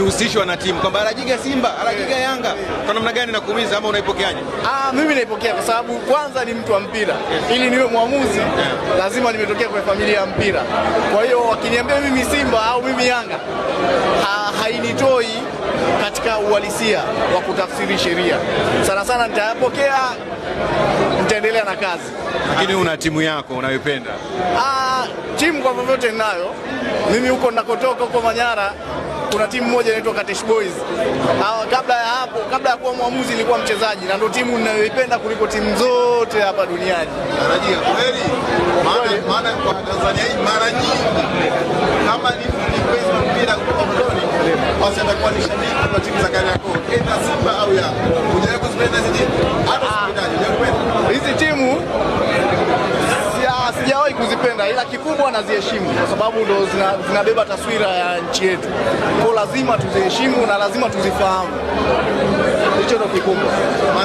ukihusishwa na timu kwamba arajiga Simba arajiga eh. Yanga kwa namna gani nakuumiza ama unaipokeaje? Ah, mimi naipokea kwa sababu kwanza ni mtu wa mpira yes. Eh. Ili niwe mwamuzi yeah. Lazima nimetokea kwenye familia ya mpira, kwa hiyo wakiniambia mimi Simba au mimi Yanga ha, hainitoi katika uhalisia wa kutafsiri sheria. Sana sana nitayapokea, nitaendelea na kazi. Lakini una timu yako unayopenda Ah, timu kwa vyovyote ninayo mimi, huko nakotoka huko Manyara kuna timu moja inaitwa Katesh Boys. Hawa ah, kabla ya hapo, kabla ya kuwa mwamuzi nilikuwa mchezaji na ndio timu ninayoipenda kuliko timu zote hapa duniani. Tarajia kweli. Maana maana kwa Tanzania hii mara nyingi kama ni mpenzi wa mpira kwa mtoni, basi atakuwa ni shabiki wa timu za Kariakoo, Simba au Yanga. Unajua kuzipenda nazipenda, ila kikubwa naziheshimu kwa sababu ndo zinabeba zina taswira ya nchi yetu, kwa lazima tuziheshimu na lazima tuzifahamu. Hicho ndo kikubwa.